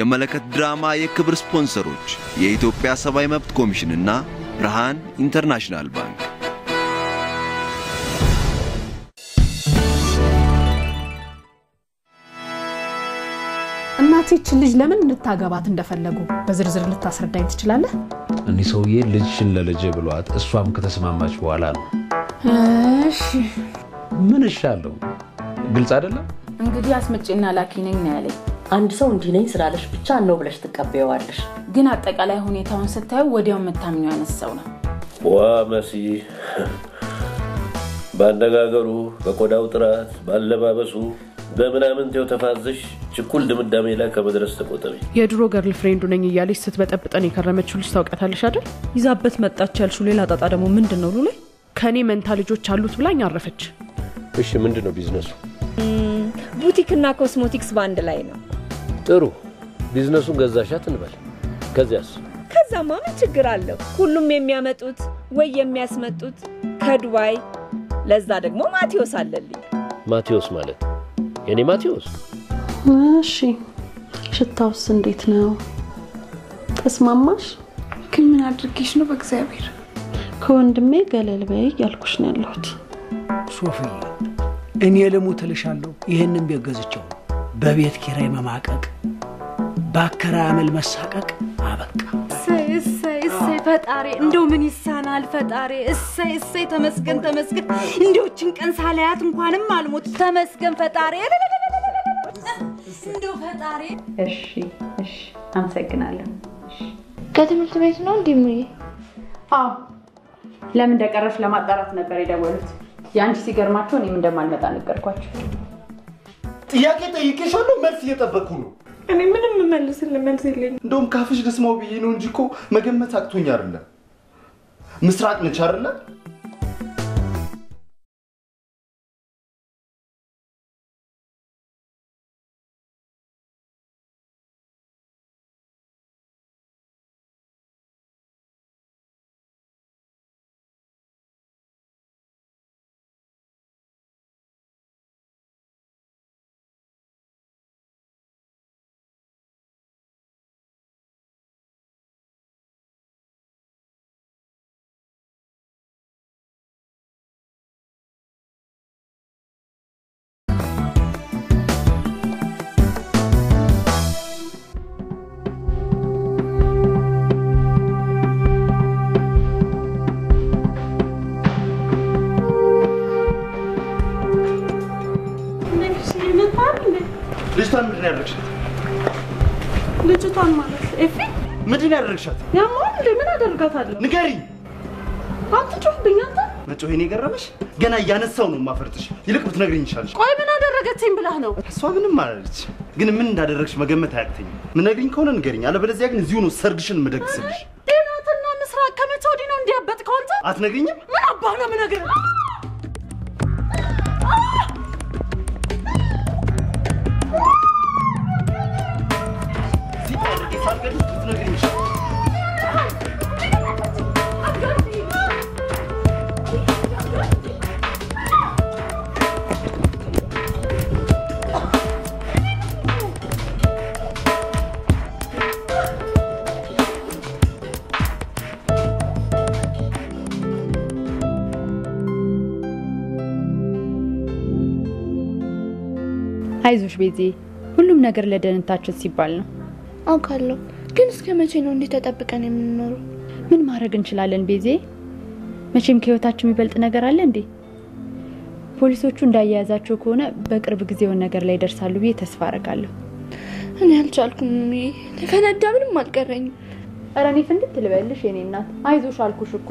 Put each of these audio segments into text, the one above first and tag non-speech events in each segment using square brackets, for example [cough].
የመለከት ድራማ የክብር ስፖንሰሮች የኢትዮጵያ ሰብአዊ መብት ኮሚሽንና ብርሃን ኢንተርናሽናል ባንክ። እናቴች ይችን ልጅ ለምን እንድታገባት እንደፈለጉ በዝርዝር ልታስረዳኝ ትችላለህ? እኒህ ሰውዬ ልጅሽን ለልጄ ብሏት እሷም ከተስማማች በኋላ ነው። እሺ ምን እሻለሁ? ግልጽ አይደለም። እንግዲህ አስመጪና ላኪ ነኝ ያለኝ። አንድ ሰው እንዲህ ነኝ ስላለሽ ብቻ ነው ብለሽ ትቀበየዋለሽ። ግን አጠቃላይ ሁኔታውን ስታዩ ወዲያው የምታምኘው አይነት ሰው ነው። ዋ መሲ፣ በአነጋገሩ፣ በቆዳው ጥራት፣ ባለባበሱ በምናምንቴው ተፋዘሽ ችኩል ድምዳሜ ላይ ከመድረስ ተቆጠቢ። የድሮ ገርል ፍሬንዱ ነኝ እያለች ስትበጠብጠን የከረመችው ልጅ ታውቀታለሽ አይደል? ይዛበት መጣች ያልሹ ሌላ ጣጣ ደግሞ ምንድን ነው? ሉላይ ከእኔ መንታ ልጆች አሉት ብላኝ አረፈች። እሺ ምንድን ነው ቢዝነሱ? ቡቲክና ኮስሞቲክስ በአንድ ላይ ነው። ጥሩ ቢዝነሱን ገዛሻት እንበል። ከዚያስ? ከዛማ ምን ችግር አለው? ሁሉም የሚያመጡት ወይ የሚያስመጡት ከድዋይ ለዛ ደግሞ ማቴዎስ አለልኝ። ማቴዎስ ማለት የኔ ማቴዎስ። እሺ፣ ሽታውስ እንዴት ነው? ተስማማሽ? ግን ምን አድርጌሽ ነው? በእግዚአብሔር ከወንድሜ ገለል በይ እያልኩሽ ነው ያለሁት። ሶፊ፣ እኔ ልሙትልሻለሁ ይህንም ቤት ገዝቼው በቤት ኪራይ መማቀቅ፣ በአከራመል መሳቀቅ አበቃ። እሰይ እሰይ እሰይ ፈጣሪ እንደው ምን ይሳናል ፈጣሪ። እሰይ እሰይ ተመስገን ተመስገን። እንዲዎችን ቀን ሳላያት እንኳንም አልሞት። ተመስገን ፈጣሪ። እንደው ፈጣሪ። እሺ እሺ፣ አመሰግናለሁ። ከትምህርት ቤት ነው እንዲህ ሙዬ? አዎ፣ ለምን እንደቀረሽ ለማጣራት ነበር የደወሉት። የአንቺ ሲገርማቸው እኔም እንደማልመጣ ነገርኳቸው። ጥያቄ ጠይቄሻለሁ፣ መልስ እየጠበቅኩ ነው። እኔ ምንም መልስልህ መልስ የለኝም። እንደውም ካፍሽ ልስማው ብዬ ነው እንጂ እኮ መገመት አቅቶኝ አይደለም። ምስራቅ ነች አይደለም? ልጅቷን ምንድን ያደረግሻት? ልጅቷን ማለት ኤፊ፣ ምንድን ያደረግሻት? ያማል እንዴ? ምን አደርጋታለሁ? ንገሪ። አትጮህብኝ አንተ። መጮህ እኔ ገረመሽ? ገና እያነሳው ነው ማፈርጥሽ። ይልቅ ብትነግሪኝ ይሻልሽ። ቆይ ምን አደረገችኝ ብላህ ነው? እሷ ምንም አላለች፣ ግን ምን እንዳደረግሽ መገመት አያቅተኝም። ምነግሪኝ ከሆነ ንገሪኝ፣ አለበለዚያ ግን እዚሁ ነው ሰርግሽን ምደግስልሽ። ዴናትና ምስራቅ ከመቼ ወዲህ ነው እንዲያበጥ ከሆንተ? አትነግሪኝም? ምን አባህ ነው ምነግርህ? አይዞሽ ቤዜ፣ ሁሉም ነገር ለደህንነታችን ሲባል ነው። አውቃለሁ፣ ግን እስከ መቼ ነው እንዲህ ተጠብቀን የምንኖሩ ምን ማድረግ እንችላለን ቤዜ? መቼም ከህይወታችን የሚበልጥ ነገር አለ እንዴ? ፖሊሶቹ እንዳያያዛቸው ከሆነ በቅርብ ጊዜውን ነገር ላይ ደርሳሉ ብዬ ተስፋ አረጋለሁ። እኔ አልቻልኩም፣ ልፈነዳ ምንም አልቀረኝም። እረ እኔ ፍንድት ልበልሽ የኔ እናት፣ አይዞሽ አልኩሽ እኮ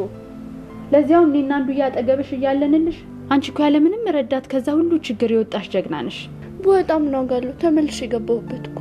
ለዚያው እኔና አንዱ እያጠገብሽ እያለንልሽ አንቺ እኮ ያለምንም ረዳት ከዛ ሁሉ ችግር የወጣሽ ጀግና ነሽ። በጣም ነው ጋሉ ተመልሽ የገባሁበት እኮ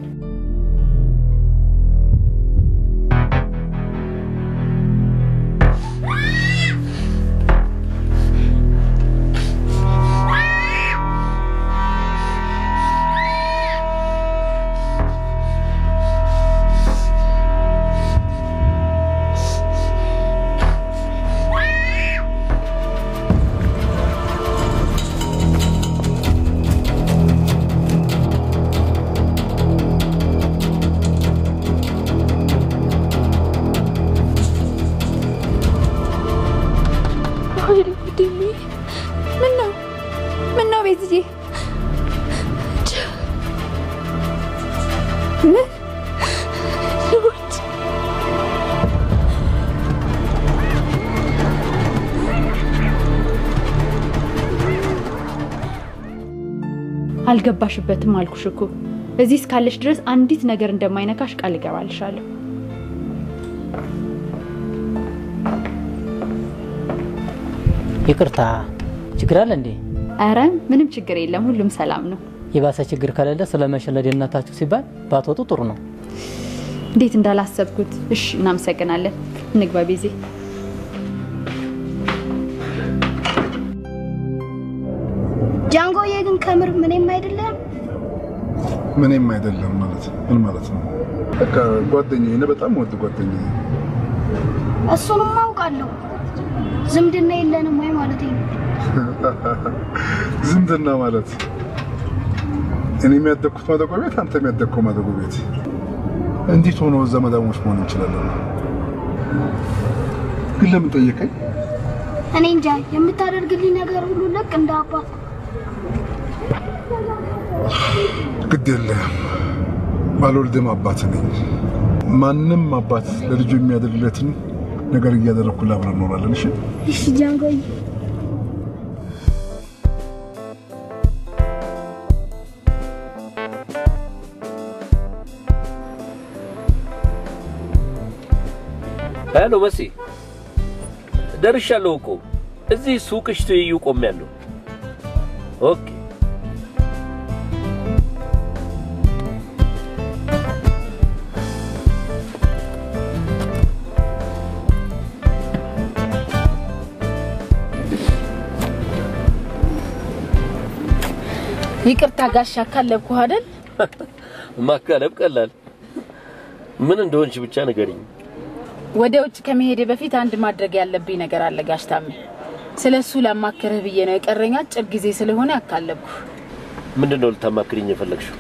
አልገባሽበትም አልኩሽ እኮ እዚህ እስካለሽ ድረስ አንዲት ነገር እንደማይነካሽ ቃል እገባልሻለሁ። ይቅርታ፣ ችግር አለ እንዴ? አረ ምንም ችግር የለም፣ ሁሉም ሰላም ነው። የባሰ ችግር ከሌለ ስለ መሸለድ ሲባል ባትወጡ ጥሩ ነው። እንዴት እንዳላሰብኩት። እሽ እናመሰግናለን። እንግባ ቤዜ ምንም አይደለም ማለት ምን ማለት ነው? በቃ ጓደኛዬ ነው፣ በጣም ወድ ጓደኛዬ። እሱንም አውቃለሁ። ዝምድና የለንም ወይ ማለት ነው? [laughs] ዝምድና ማለት እኔ የሚያደግኩት ማደጎ ቤት፣ አንተ የሚያደግከው ማደጎ ቤት፣ እንዴት ሆኖ ዘመዳሞች መሆን እንችላለን? ግን ለምን ጠየቀኝ? እኔ እንጃ። የምታደርግልኝ ነገር ሁሉ ልክ እንደ አባት ግድ የለም ባልወልድም አባት ነኝ። ማንም አባት ለልጁ የሚያደርግለትን ነገር እያደረግኩላ አብረን እኖራለን። እሺ እሺ ጃንጎይ ሄሎ መሲ፣ ደርሻለሁ እኮ እዚህ ሱቅሽ ትይዩ ቆሜያለሁ። ኦኬ ይቅርታ ጋሻ ካለብኩ አይደል? [laughs] ማካለብ ቀላል። ምን እንደሆንሽ ብቻ ንገሪኝ። ወደ ውጭ ከመሄድ በፊት አንድ ማድረግ ያለብኝ ነገር አለ ጋሽ ታሜ። ስለ እሱ ላማክርህ ብዬ ነው። የቀረኝ አጭር ጊዜ ስለሆነ ያካለብኩ። ምንድን ነው ልታማክሪኝ የፈለግሽው?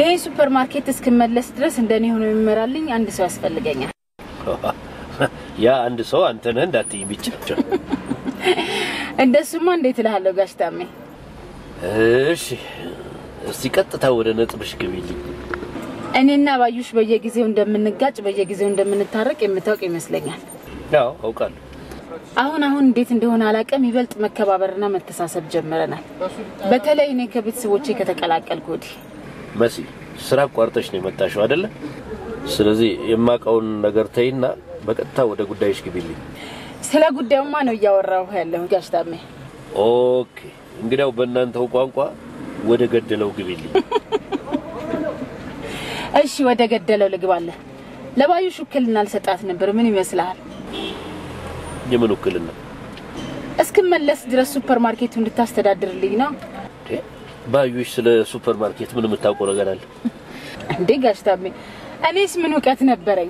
ይሄ ሱፐር ማርኬት እስክመለስ ድረስ እንደኔ ሆኖ የሚመራልኝ አንድ ሰው ያስፈልገኛል። [laughs] ያ አንድ ሰው አንተ ነህ እንዳትይኝ ብቻ። [laughs] እንደሱማ እንዴት እልሃለሁ ጋሽ ታሜ እሺ እስቲ ቀጥታ ወደ ነጥብሽ ግቢልኝ። እኔና ባዩሽ በየጊዜው እንደምንጋጭ በየጊዜው እንደምንታረቅ የምታውቅ ይመስለኛል። ያው አውቃለሁ። አሁን አሁን እንዴት እንደሆነ አላውቅም፣ ይበልጥ መከባበርና መተሳሰብ ጀምረናል። በተለይ እኔ ከቤተሰቦቼ ከተቀላቀልኩ ወዲህ። መሲ ስራ አቋርጠሽ ነው የመጣሽው አይደለ? ስለዚህ የማውቀውን ነገር ተይና በቀጥታ ወደ ጉዳይሽ ግቢልኝ። ስለ ጉዳዩማ ነው እያወራሁ ያለሁ ጋሽ ታሜ። ኦኬ እንግዲያው በእናንተው ቋንቋ ወደ ገደለው ግቢልኝ። [laughs] እሺ ወደ ገደለው ልግባለ። ለባዩሽ ውክልና ልሰጣት ነበር። ምን ይመስልሃል? የምን ውክልና? እስክመለስ ድረስ ሱፐር ማርኬቱ እንድታስተዳድርልኝ ነው። ባዩሽ ስለ ሱፐር ማርኬት ምን የምታውቀው ነገር አለ [laughs] እንዴ? ጋሽ እኔስ ምን እውቀት ነበረኝ?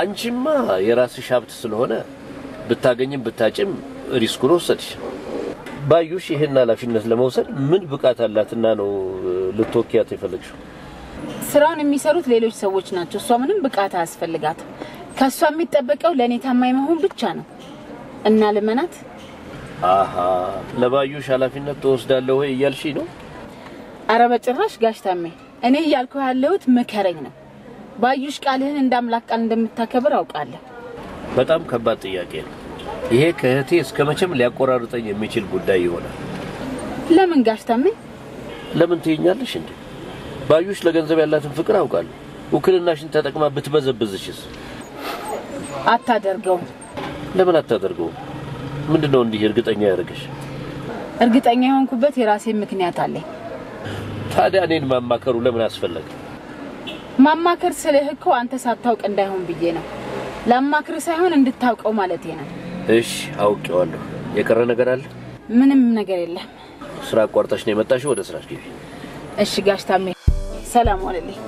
አንቺማ የራስሽ ሀብት ስለሆነ ብታገኝም ብታጭም ሪስኩን ወሰድሽ። ባዩሽ ይሄን ኃላፊነት ለመውሰድ ምን ብቃት አላትና ነው ልትወኪያት የፈለግሽው? ስራውን የሚሰሩት ሌሎች ሰዎች ናቸው። እሷ ምንም ብቃት አያስፈልጋትም። ከእሷ የሚጠበቀው ለእኔ ታማኝ መሆን ብቻ ነው እና ልመናት። አሀ ለባዩሽ ኃላፊነት ትወስዳለህ ወይ እያልሽ ነው? አረ በጭራሽ ጋሽ ታሜ፣ እኔ እያልኩ ያለሁት ምከረኝ ነው። ባዩሽ ቃልህን እንደ አምላክ ቃል እንደምታከብር አውቃለሁ። በጣም ከባድ ጥያቄ ነው። ይሄ ከእህቴ እስከ መቼም ሊያቆራርጠኝ የሚችል ጉዳይ ይሆናል። ለምን ጋሽ ለምን ትይኛለሽ እንዴ? ባዩሽ ለገንዘብ ያላትን ፍቅር አውቃለሁ። ውክልናሽን ተጠቅማ ብትበዘብዝሽስ? አታደርገውም። ለምን አታደርገውም? ምንድነው እንዲህ እርግጠኛ ያደርገሽ? እርግጠኛ የሆንኩበት የራሴ ምክንያት አለኝ። ታዲያ እኔን ማማከሩ ለምን አስፈለገ? ማማከር ስልህ እኮ አንተ ሳታውቅ እንዳይሆን ብዬ ነው። ላማክር ሳይሆን እንድታውቀው ማለት ነው። እሺ አውቄዋለሁ። የቀረ ነገር አለ? ምንም ነገር የለም። ስራ አቋርጠሽ ነው የመጣሽው። ወደ ስራሽ ግቢ። እሺ ጋሽ ታሜ ሰላም ሆነልኝ።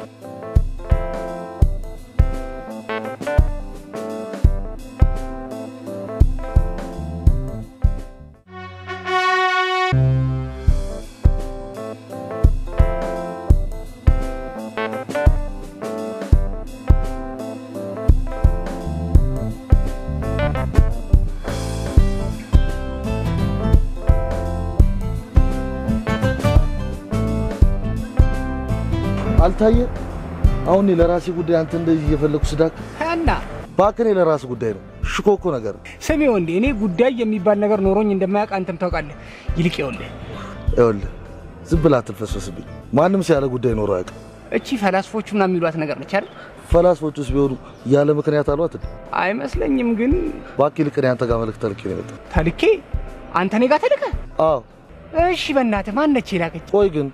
አልታየ። አሁን ለራሴ ጉዳይ አንተ እንደዚህ እየፈለኩ ስዳክ እና ባክኔ ለራስ ጉዳይ ነው ሽኮኮ ነገር ስሚ ወንድ እኔ ጉዳይ የሚባል ነገር ኖሮኝ እንደማያውቅ አንተም ታውቃለህ። ይልቅ ይኸውልህ ይኸውልህ ዝም ብላ አትልፈስፈስብኝ። ማንም ሰው ጉዳይ ኖሮ አያውቅም። እቺ ፈላስፎቹ ምናምን የሚሏት ነገር ነች አይደል? ፈላስፎቹስ ቢሆኑ ያለ ምክንያት አሏት አይመስለኝም። ግን እባክህ ይልቅ እኔ አንተ ጋር መልክ ተልኬ ነው የመጣሁት። ተልኬ አንተ እኔ ጋር ተልከ አዎ። እሺ በእናትህ ነች የላከች? ቆይ ግን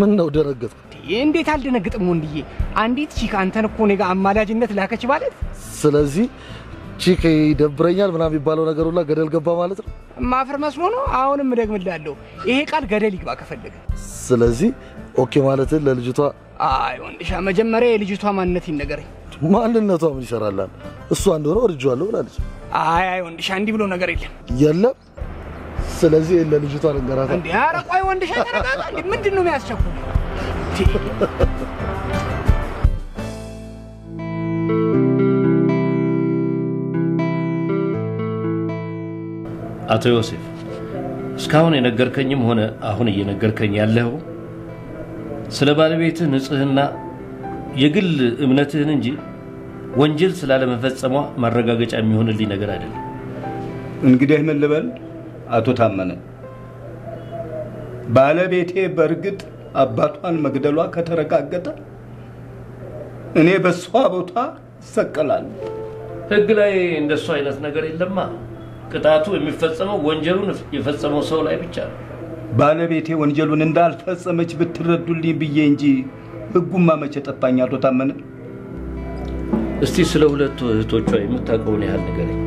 ምን ነው ደነገጥኩ። እንዴት አልደነግጥም ወንድዬ? አንዲት ቺክ አንተን እኮ እኔ ጋር አማላጅነት ላከች ማለት ስለዚህ ቺክ ይደብረኛል ምናምን የሚባለው ነገር ሁላ ገደል ገባ ማለት ነው። ማፈር መስሎ ነው። አሁንም እደግምላለሁ፣ ይሄ ቃል ገደል ይግባ ከፈለገ። ስለዚህ ኦኬ ማለት ለልጅቷ። አይ ወንድሻ፣ መጀመሪያ የልጅቷ ማንነት ይነገረኝ። ማንነቷ ምን ይሰራላል? እሷ እንደሆነ ወድጄዋለሁ ብላለች። አይ አይ ወንድሻ፣ እንዲህ ብሎ ነገር የለም የለም። ስለዚህ ለልጅቷ ልንገራታ። እንዴ ኧረ ቆይ ወንድሻ፣ ተረጋጋ። እንዴ ምንድነው የሚያስቸኩል [laughs] አቶ ዮሴፍ እስካሁን የነገርከኝም ሆነ አሁን እየነገርከኝ ያለኸው ስለ ባለቤትህ ንጽህና የግል እምነትህን እንጂ ወንጀል ስላለመፈጸሟ ማረጋገጫ የሚሆንልኝ ነገር አይደለም። እንግዲህ ምን ልበል አቶ ታመነ፣ ባለቤቴ በእርግጥ አባቷን መግደሏ ከተረጋገጠ እኔ በእሷ ቦታ ይሰቀላል። ህግ ላይ እንደሱ አይነት ነገር የለማ። ቅጣቱ የሚፈጸመው ወንጀሉን የፈጸመው ሰው ላይ ብቻ ነው። ባለቤቴ ወንጀሉን እንዳልፈጸመች ብትረዱልኝ ብዬ እንጂ ህጉማ መቼ ጠፋኝ። አቶ ታመነ፣ እስቲ ስለ ሁለቱ እህቶቿ የምታውቀውን ያህል ንገረኝ።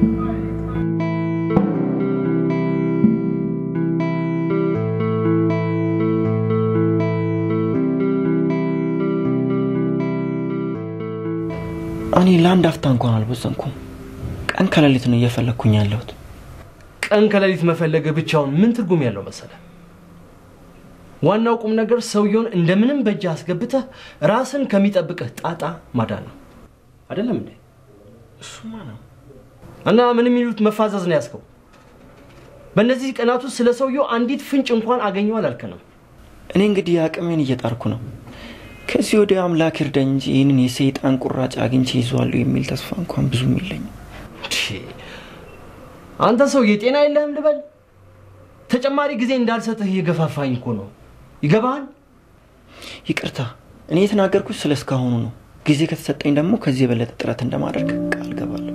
ለአንድ አፍታ እንኳን አልቦዘንኩም። ቀን ከሌሊት ነው እየፈለግኩኝ ያለሁት። ቀን ከሌሊት መፈለገ ብቻውን ምን ትርጉም ያለው መሰለ? ዋናው ቁም ነገር ሰውየውን እንደምንም በእጅ አስገብተህ ራስን ከሚጠብቅህ ጣጣ ማዳን ነው። አደለም እንዴ? እሱማ ነው። እና ምን የሚሉት መፋዘዝ ነው ያስከው በእነዚህ ቀናት ውስጥ ስለ ሰውየው አንዲት ፍንጭ እንኳን አገኘዋል አልከንም። እኔ እንግዲህ አቅሜን እየጣርኩ ነው። ከዚህ ወደ አምላክ እርዳኝ እንጂ ይህንን የሰይጣን ቁራጭ አግኝቼ ይዘዋለሁ የሚል ተስፋ እንኳን ብዙም የለኝም። አንተ ሰው የጤና የለህም ልበል? ተጨማሪ ጊዜ እንዳልሰጥህ እየገፋፋኝ እኮ ነው። ይገባሃል? ይቅርታ፣ እኔ የተናገርኩት ስለ እስካሁኑ ነው። ጊዜ ከተሰጠኝ ደግሞ ከዚህ የበለጠ ጥረት እንደማደርግ ቃል ገባለሁ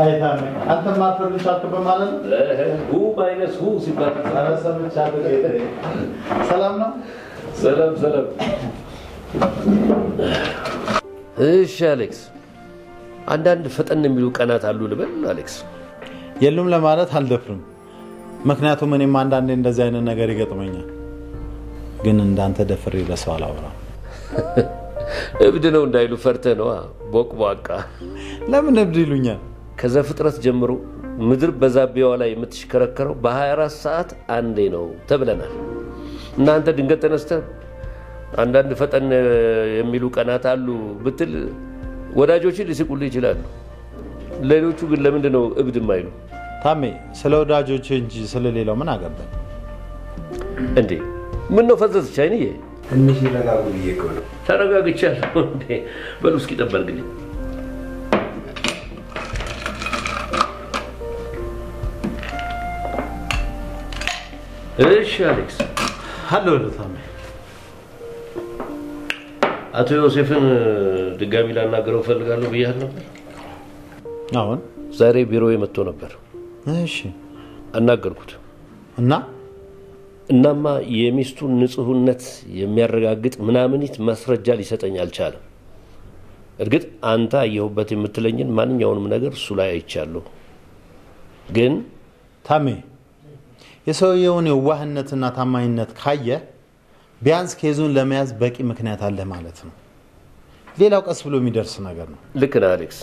አይታምም እሺ አሌክስ፣ አንዳንድ ፈጠን የሚሉ ቀናት አሉ ልበል አሌክስ? የሉም ለማለት አልደፍርም፣ ምክንያቱም እኔም አንዳንዴ እንደዚህ አይነት ነገር ይገጥመኛል። ግን እንዳንተ ደፍሬ ለሰው አላወራም። [laughs] እብድ ነው እንዳይሉ ፈርተህ ነዋ። ቦቅቧቃ ለምን እብድ ይሉኛል? ከዘፍጥረት ጀምሮ ምድር በዛቢያዋ ላይ የምትሽከረከረው በ24 ሰዓት አንዴ ነው ተብለናል። እናንተ ድንገት ተነስተ አንዳንድ ፈጠን የሚሉ ቀናት አሉ ብትል ወዳጆች ሊስቁል ይችላሉ። ሌሎቹ ግን ለምንድን ነው እብድ የማይሉ? ታሜ ስለ ወዳጆች እንጂ ስለሌላው ምን አገባኝ እንዴ? ምን ነው ፈዘዝቻ አይንዬ ትንሽ ይረጋጉ ብዬ እኮ ነው። ተረጋግቻለሁ እንዴ? በሉ እስኪ ጠብ እሺ አሌክስ። ሀሎ ታሜ። አቶ ዮሴፍን ድጋሚ ላናገረው እፈልጋለሁ ብያህል ነበር። አሁን ዛሬ ቢሮ መጥቶ ነበር። እሺ አናገርኩት እና እናማ የሚስቱን ንጹህነት የሚያረጋግጥ ምናምኒት ማስረጃ ሊሰጠኝ አልቻለም። እርግጥ አንተ አየሁበት የምትለኝን ማንኛውንም ነገር እሱ ላይ አይቻለሁ። ግን ታሜ የሰውየውን የዋህነትና ታማኝነት ካየ ቢያንስ ኬዙን ለመያዝ በቂ ምክንያት አለ ማለት ነው። ሌላው ቀስ ብሎ የሚደርስ ነገር ነው። ልክ ነህ አሌክስ።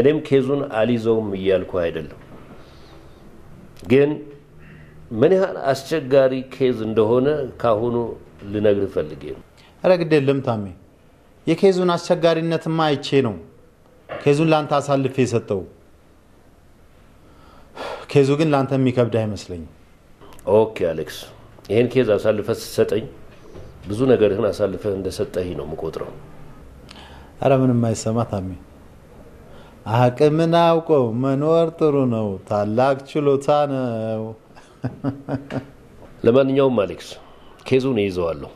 እኔም ኬዙን አልይዘውም እያልኩ አይደለም ግን ምን ያህል አስቸጋሪ ኬዝ እንደሆነ ካሁኑ ልነግር ፈልጌ ነው። ኧረ ግድ የለም ታሜ፣ የኬዙን አስቸጋሪነትማ አይቼ ነው ኬዙን ለአንተ አሳልፌ የሰጠው። ኬዙ ግን ለአንተ የሚከብድ አይመስለኝም። ኦኬ አሌክስ፣ ይህን ኬዝ አሳልፈ ስትሰጠኝ ብዙ ነገርህን አሳልፈህ እንደሰጠህ ነው የምቆጥረው። አረ ምንም አይሰማ ታሜ፣ አቅምን አውቆ መኖር ጥሩ ነው። ታላቅ ችሎታ ነው። ለማንኛውም አሌክስ ኬዙን ይይዘዋለሁ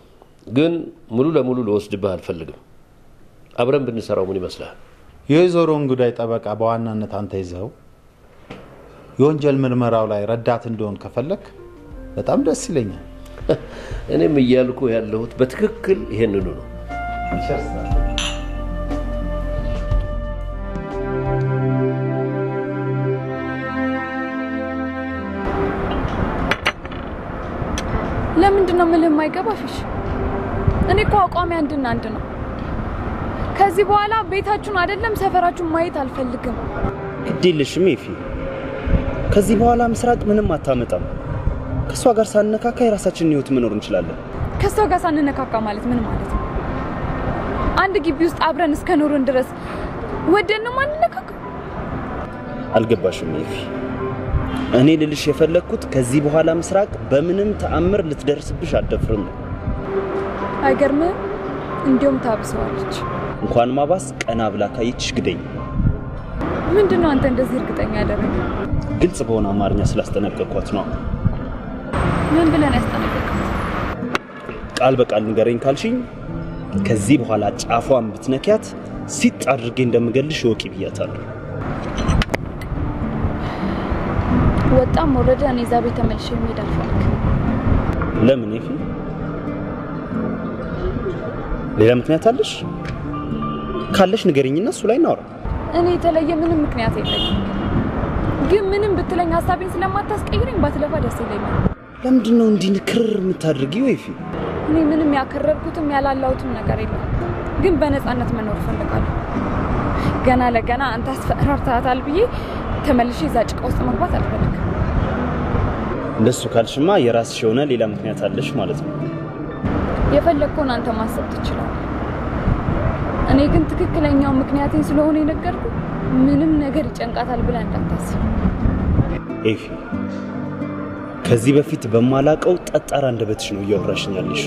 ግን ሙሉ ለሙሉ ልወስድብህ አልፈልግም። አብረን ብንሰራው ምን ይመስላል የወይዘሮን ጉዳይ ጠበቃ በዋናነት አንተ ይዘው የወንጀል ምርመራው ላይ ረዳት እንደሆን ከፈለክ በጣም ደስ ይለኛል። እኔም እያልኩ ያለሁት በትክክል ይሄንኑ ነው። ምንድን ነው የምልህ የማይገባሽ? እኔ እኮ አቋሚ አንድና አንድ ነው። ከዚህ በኋላ ቤታችሁን አይደለም ሰፈራችሁን ማየት አልፈልግም። እድልሽም ይፊ ከዚህ በኋላ ምስራቅ ምንም አታመጣም። ከእሷ ጋር ሳንነካካ የራሳችንን ህይወት መኖር እንችላለን። ከእሷ ጋር ሳንነካካ ማለት ምን ማለት ነው? አንድ ግቢ ውስጥ አብረን እስከ ኖርን ድረስ ወደንም አንነካካ። አልገባሽም ይፊ እኔ ልልሽ የፈለግኩት ከዚህ በኋላ ምስራቅ በምንም ተአምር ልትደርስብሽ አደፍርም ነው። አይገርምህም? እንዲሁም ታብሰዋለች። እንኳን ማባስ ቀና ብላ ካየችሽ ግደኝ። ምንድን ነው አንተ እንደዚህ እርግጠኛ ያደረገ? ግልጽ በሆነ አማርኛ ስላስጠነቀቅኳት ነው። ምን ብለን ያስጠነቀቅኳት? ቃል በቃል ንገረኝ ካልሽኝ ከዚህ በኋላ ጫፏን ብትነኪያት ሲጥ አድርጌ እንደምገልሽ እወቂ ብያታለሁ። ወጣም ወረደ እኔ እዛ ቤት ተመልሼ መሄድ አልፈልግም። ለምን ይፊ ሌላ ምክንያት አለሽ? ካለሽ ንገሪኝና እሱ ላይ እናወራ። እኔ የተለየ ምንም ምክንያት የለኝም፣ ግን ምንም ብትለኝ ሀሳቤን ስለማታስቀይረኝ ባትለፋ ደስ ይለኛል። ለምንድን ነው እንዲህ ንክርር የምታደርጊው ወይፊ? እኔ ምንም ያከረርኩትም ያላላሁትም ነገር የለም፣ ግን በነፃነት መኖር እፈልጋለሁ። ገና ለገና አንተ አስፈራርታታል ብዬ ተመልሼ እዛ ጭቃ ውስጥ መግባት አልፈልግም። እንደሱ ካልሽማ የራስሽ የሆነ ሌላ ምክንያት አለሽ ማለት ነው። የፈለግከውን አንተ ማሰብ ትችላለህ። እኔ ግን ትክክለኛው ምክንያቴን ስለሆነ የነገርኩ ምንም ነገር ይጨንቃታል ብለ እንዳታስብ ኤፊ። ከዚህ በፊት በማላቀው ጠጣራ እንደበትሽ ነው እያወራሽኛለሽ።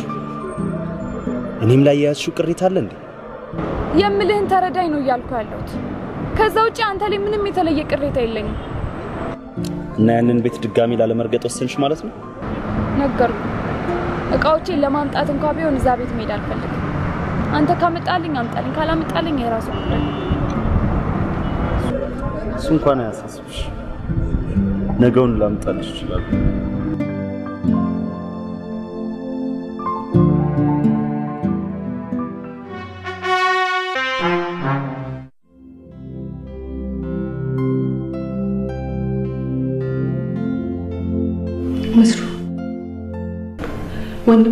እኔም ላይ የያዝሽው ቅሬታ አለ እንዴ? የምልህን ተረዳኝ ነው እያልኩ ያለሁት። ከዛ ውጭ አንተ ላይ ምንም የተለየ ቅሬታ የለኝም። እና ያንን ቤት ድጋሚ ላለመርገጥ ወሰንሽ ማለት ነው? ነገርኩ። እቃዎቼን ለማምጣት እንኳ ቢሆን እዛ ቤት መሄድ አልፈልግም። አንተ ካመጣልኝ አምጣልኝ፣ ካላመጣልኝ የራሱ እሱ እንኳን አያሳስብሽ። ነገውን ላምጣልሽ ይችላል።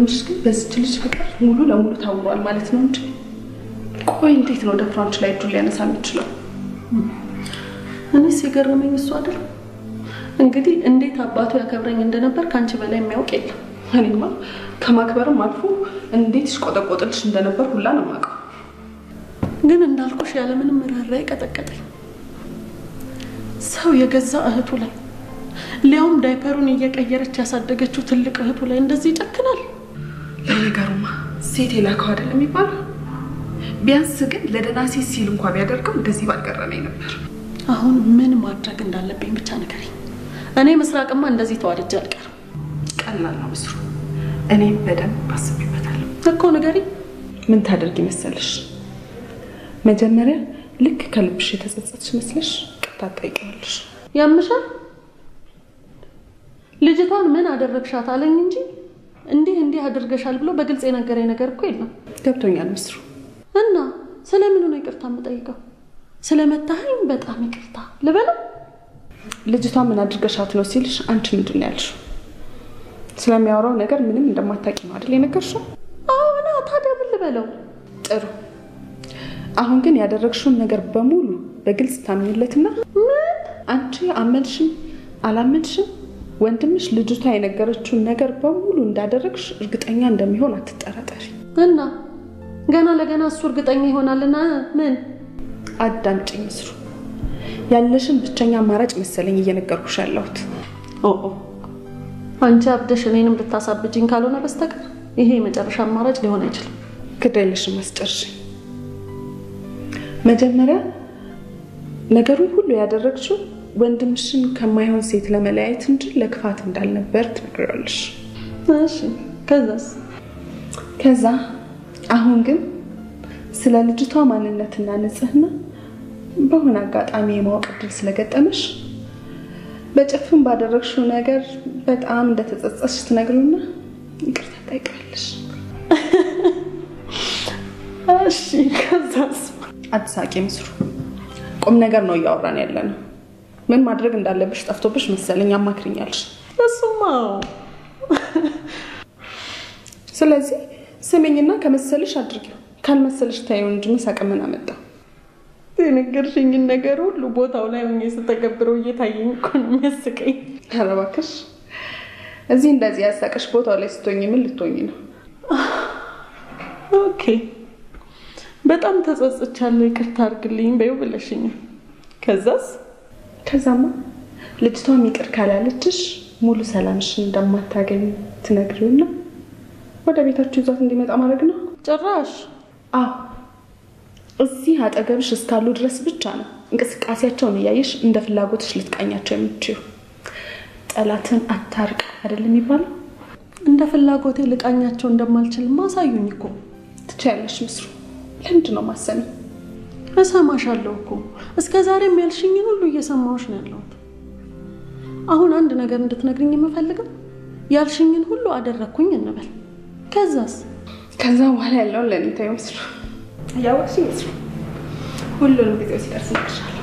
ወንድምሽ ግን በዚች ልጅ ፍቅር ሙሉ ለሙሉ ታውሯል ማለት ነው እንጂ ቆይ እንዴት ነው ደፍሮ አንቺ ላይ እጁን ሊያነሳ የሚችለው? እኔስ የገረመኝ እሱ አይደል እንግዲህ እንዴት አባቱ ያከብረኝ እንደነበር ከአንቺ በላይ የሚያውቅ የለም። እኔማ ከማክበርም አልፎ እንዴት ሽቆጠቆጥልሽ እንደነበር ሁላ ነው የማውቀው። ግን እንዳልኩሽ ያለምንም ራራ ቀጠቀጠኝ። ሰው የገዛ እህቱ ላይ ሊያውም ዳይፐሩን እየቀየረች ያሳደገችው ትልቅ እህቱ ላይ እንደዚህ ይጨክናል? ለነገሩማ ሴት የላከው አይደለም የሚባለው። ቢያንስ ግን ለደህና ሴት ሲል እንኳ ቢያደርገው እንደዚህ ባልገረመኝ ነበር። አሁን ምን ማድረግ እንዳለብኝ ብቻ ንገሪኝ። እኔ ምስራቅማ እንደዚህ ተዋድጄ አልቀርም። ቀላል ነው ምስሩ፣ እኔም በደንብ አስቤበታለሁ። እኮ ንገሪኝ። ምን ታደርጊ መሰለሽ? መጀመሪያ ልክ ከልብሽ የተጸጸትሽ መስለሽ ቅርታ ትጠይቂዋለሽ። ያምሻል ልጅቷን ምን አደረግሻት አለኝ እንጂ እንዲህ እንዲህ አድርገሻል ብሎ በግልጽ የነገረኝ ነገር እኮ የለም። ገብቶኛል ምስሩ። እና ስለምኑ ነው ይቅርታ የምጠይቀው? ስለመታኸኝ በጣም ይቅርታ ልበለው? ልጅቷ ምን አድርገሻት ነው ሲልሽ አንቺ ምንድን ያልሽ? ስለሚያወራው ነገር ምንም እንደማታውቂ ነው አይደል የነገርሽው? አሁን ታዲያ ምን ልበለው? ጥሩ። አሁን ግን ያደረግሽውን ነገር በሙሉ በግልጽ ታምኝለትና ምን አንቺ አመንሽም አላመንሽም ወንድምሽ ልጅቷ የነገረችውን ነገር በሙሉ እንዳደረግሽ እርግጠኛ እንደሚሆን አትጠራጠሪ። እና ገና ለገና እሱ እርግጠኛ ይሆናልና ምን? አዳምጪኝ ምስሩ፣ ያለሽን ብቸኛ አማራጭ መሰለኝ እየነገርኩሽ ያለሁት። አንቺ አብደሽ እኔንም ልታሳብጅኝ ካልሆነ በስተቀር ይሄ የመጨረሻ አማራጭ ሊሆን አይችልም። ግዴለሽም፣ አስጨርሽኝ። መጀመሪያ ነገሩን ሁሉ ያደረግችው ወንድምሽን ከማይሆን ሴት ለመለያየት እንጂ ለክፋት እንዳልነበር ትነግሪዋለሽ። እሺ፣ ከዛስ? ከዛ አሁን ግን ስለ ልጅቷ ማንነትና ንጽህና በሆነ አጋጣሚ የማወቅ እድል ስለገጠመሽ በጭፍን ባደረግሽው ነገር በጣም እንደተጸጸሽ ትነግሪውና ይቅርታ ትጠይቃለሽ። እሺ፣ ከዛስ? አትሳቂ ምስሩ፣ ቁም ነገር ነው እያወራን ያለ ነው። ምን ማድረግ እንዳለብሽ ጠፍቶብሽ መሰለኝ አማክርኛልሽ። እሱማ ስለዚህ ስሜኝና ከመሰልሽ አድርጊው፣ ካልመሰልሽ ታየው እንጂ መሳቅም ምን አመጣ? የነገርሽኝን ነገር ሁሉ ቦታው ላይ ሆኜ ስተገብረው እየታየኝ እኮ ነው የሚያስቀኝ። ኧረ እባክሽ እዚህ እንደዚህ ያሳቀሽ ቦታው ላይ ስትሆኝ ምን ልትሆኝ ነው? ኦኬ በጣም ተጸጽቻለሁ፣ ይቅርታ አድርግልኝ በይው ብለሽኛል። ከዛስ ከዛማ ልጅቷም ይቅር ካላለችሽ ሙሉ ሰላምሽን እንደማታገኝ ትነግሪውና ወደ ቤታችሁ ይዟት እንዲመጣ ማድረግ ነው። ጭራሽ አዎ፣ እዚህ አጠገብሽ እስካሉ ድረስ ብቻ ነው እንቅስቃሴያቸውን እያየሽ እንደ ፍላጎትሽ ልትቃኛቸው የምችው። ጠላትን አታርቅ አይደል የሚባለው? እንደ ፍላጎቴ ልቃኛቸው እንደማልችል ማሳዩኝ እኮ ትችያለሽ ምስሩ። ለምንድን ነው ማሰሚው? እሰማሻለሁ እኮ እስከ ዛሬ ያልሽኝን ሁሉ እየሰማሁሽ ነው ያለሁት። አሁን አንድ ነገር እንድትነግርኝ የምፈልገው ያልሽኝን ሁሉ አደረግኩኝ እንበል፣ ከዛስ? ከዛ በኋላ ያለው ለእኔ ይመስሉ መስሎ እያወቅሽ መስሎ ሁሉንም ጊዜው ሲደርስ ይመርሻል።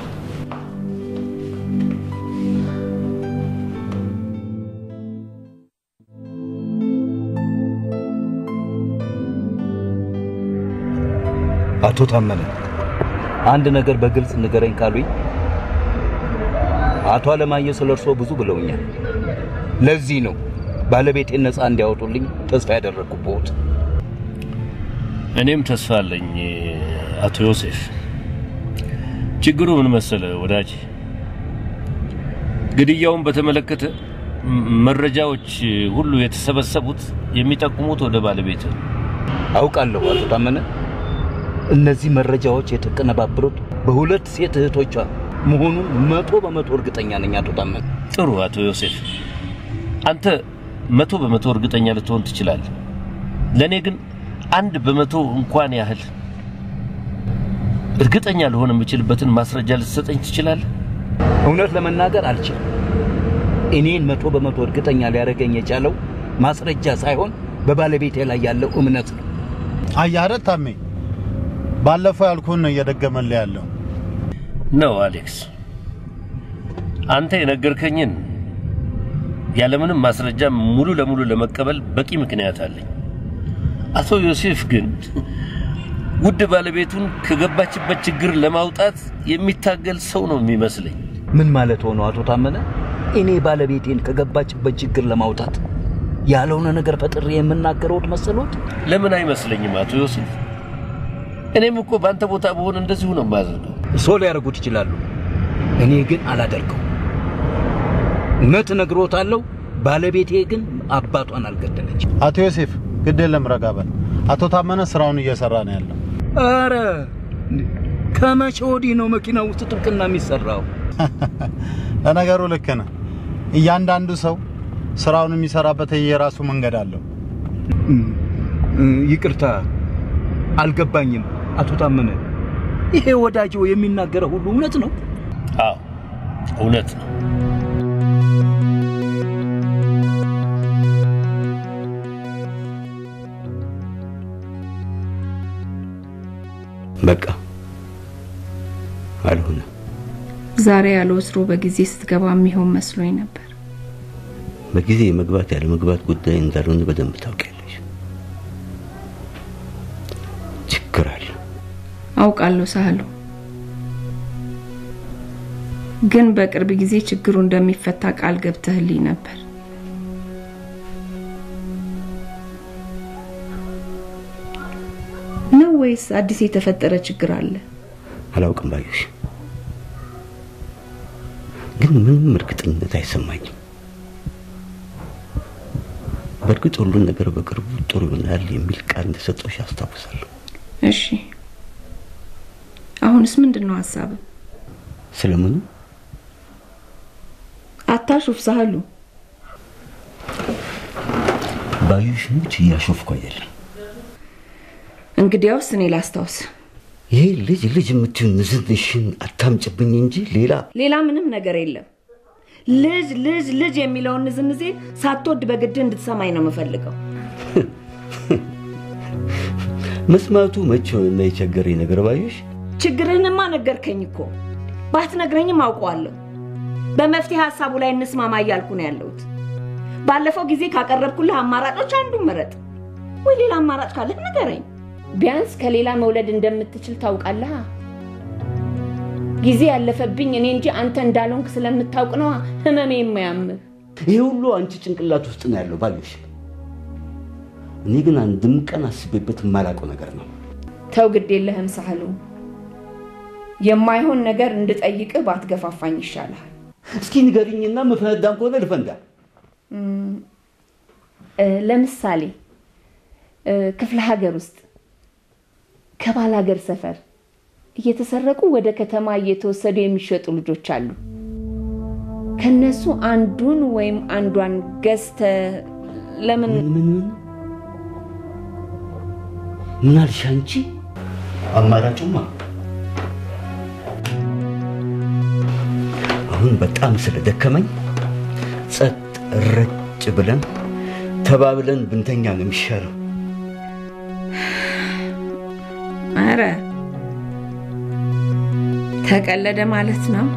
አቶ ታመነ አንድ ነገር በግልጽ ንገረኝ ካሉኝ አቶ አለማየሁ ስለ እርስዎ ብዙ ብለውኛል። ለዚህ ነው ባለቤቴን ነፃ እንዲያወጡልኝ ተስፋ ያደረግኩበት። እኔም ተስፋ አለኝ አቶ ዮሴፍ። ችግሩ ምን መሰለ ወዳጅ፣ ግድያውን በተመለከተ መረጃዎች ሁሉ የተሰበሰቡት የሚጠቁሙት ወደ ባለቤት አውቃለሁ አቶ ታመነ እነዚህ መረጃዎች የተቀነባበሩት በሁለት ሴት እህቶቿ መሆኑን መቶ በመቶ እርግጠኛ ነኝ። አቶ ታመን። ጥሩ አቶ ዮሴፍ፣ አንተ መቶ በመቶ እርግጠኛ ልትሆን ትችላል ለእኔ ግን አንድ በመቶ እንኳን ያህል እርግጠኛ ልሆን የምችልበትን ማስረጃ ልትሰጠኝ ትችላል እውነት ለመናገር አልችልም። እኔን መቶ በመቶ እርግጠኛ ሊያደርገኝ የቻለው ማስረጃ ሳይሆን በባለቤቴ ላይ ያለው እምነት ነው። አያረ ታሜ ባለፈው ያልኩን ነው እየደገመልህ ያለው ነው አሌክስ። አንተ የነገርከኝን ያለምንም ማስረጃ ሙሉ ለሙሉ ለመቀበል በቂ ምክንያት አለኝ። አቶ ዮሴፍ ግን ውድ ባለቤቱን ከገባችበት ችግር ለማውጣት የሚታገል ሰው ነው የሚመስለኝ። ምን ማለት ሆኖ አቶ ታመነ? እኔ ባለቤቴን ከገባችበት ችግር ለማውጣት ያለውን ነገር ፈጥሬ የምናገረውት መሰሎት? ለምን አይመስለኝም አቶ ዮሴፍ እኔም እኮ በአንተ ቦታ በሆነ እንደዚሁ ነው የማያደርገው። ሰው ሊያደርጉት ይችላሉ፣ እኔ ግን አላደርገው። እውነት እነግሮታለሁ። ባለቤቴ ግን አባቷን አልገደለች። አቶ ዮሴፍ ግድ የለም ረጋ በል። አቶ ታመነ ስራውን እየሰራ ነው ያለው። አረ ከመቼ ወዲህ ነው መኪና ውስጥ ጥብቅና የሚሰራው? [laughs] ለነገሩ ልክ ነህ። እያንዳንዱ ሰው ስራውን የሚሰራበት የራሱ መንገድ አለው። ይቅርታ አልገባኝም። አቶ ታመመ፣ ይሄ ወዳጆ የሚናገረው ሁሉ እውነት ነው? አዎ እውነት ነው። በቃ አልሆነ። ዛሬ ያለው ስሮ በጊዜ ስትገባ የሚሆን መስሎኝ ነበር። በጊዜ መግባት ያለ መግባት ጉዳይ እንዳልሆነ በደንብ ታውቂያለሽ። አውቃለሁ ሳህሉ ግን በቅርብ ጊዜ ችግሩ እንደሚፈታ ቃል ገብተህልኝ ነበር። ነው ወይስ አዲስ የተፈጠረ ችግር አለ? አላውቅም ባዩሽ፣ ግን ምንም እርግጠኝነት አይሰማኝም። በእርግጥ ሁሉን ነገር በቅርቡ ጥሩ ይሆናል የሚል ቃል እንደሰጠሁሽ አስታውሳለሁ። እሺ አሁንስ ምንድን ነው ሀሳብ? ስለምኑ አታሹፍ ሳህሉ። ባዩሽ ሙች እያሾፍኩ አይደለም። እንግዲያውስ እኔ ላስታውስ፣ ይሄ ልጅ ልጅ የምትዩ ንዝንሽን አታምጭብኝ እንጂ ሌላ ሌላ ምንም ነገር የለም። ልጅ ልጅ ልጅ የሚለውን ንዝንዜ ሳትወድ በግድ እንድትሰማኝ ነው የምፈልገው። [laughs] መስማቱ መቼ የማይቸገር ነገር ባዩሽ ችግርህንማ ነገርከኝ እኮ ባትነግረኝም አውቀዋለሁ። በመፍትሄ ሀሳቡ ላይ እንስማማ እያልኩ ነው ያለሁት። ባለፈው ጊዜ ካቀረብኩልህ አማራጮች አንዱ ምረጥ። ወይ ሌላ አማራጭ ካለህ ንገረኝ። ቢያንስ ከሌላ መውለድ እንደምትችል ታውቃለህ። ጊዜ ያለፈብኝ እኔ እንጂ አንተ እንዳልሆንክ ስለምታውቅ ነዋ ህመሜ የማያምህ። ይህ ሁሉ አንቺ ጭንቅላት ውስጥ ነው ያለው ባዩሽ። እኔ ግን አንድም ቀን አስቤበት የማላውቀው ነገር ነው። ተው ግድ የለህም ሳህሉ የማይሆን ነገር እንድጠይቅህ ባትገፋፋኝ ይሻላል። እስኪ ንገሪኝና ምፈነዳም ከሆነ ልፈንዳ። ለምሳሌ ክፍለ ሀገር ውስጥ ከባል ሀገር ሰፈር እየተሰረቁ ወደ ከተማ እየተወሰዱ የሚሸጡ ልጆች አሉ። ከነሱ አንዱን ወይም አንዷን ገዝተ ለምን ምን ምን አልሽ አንቺ? አማራጩማ አሁን በጣም ስለደከመኝ ጸጥ ረጭ ብለን ተባብለን ብንተኛ ነው የሚሻለው። ኧረ ተቀለደ ማለት ነው።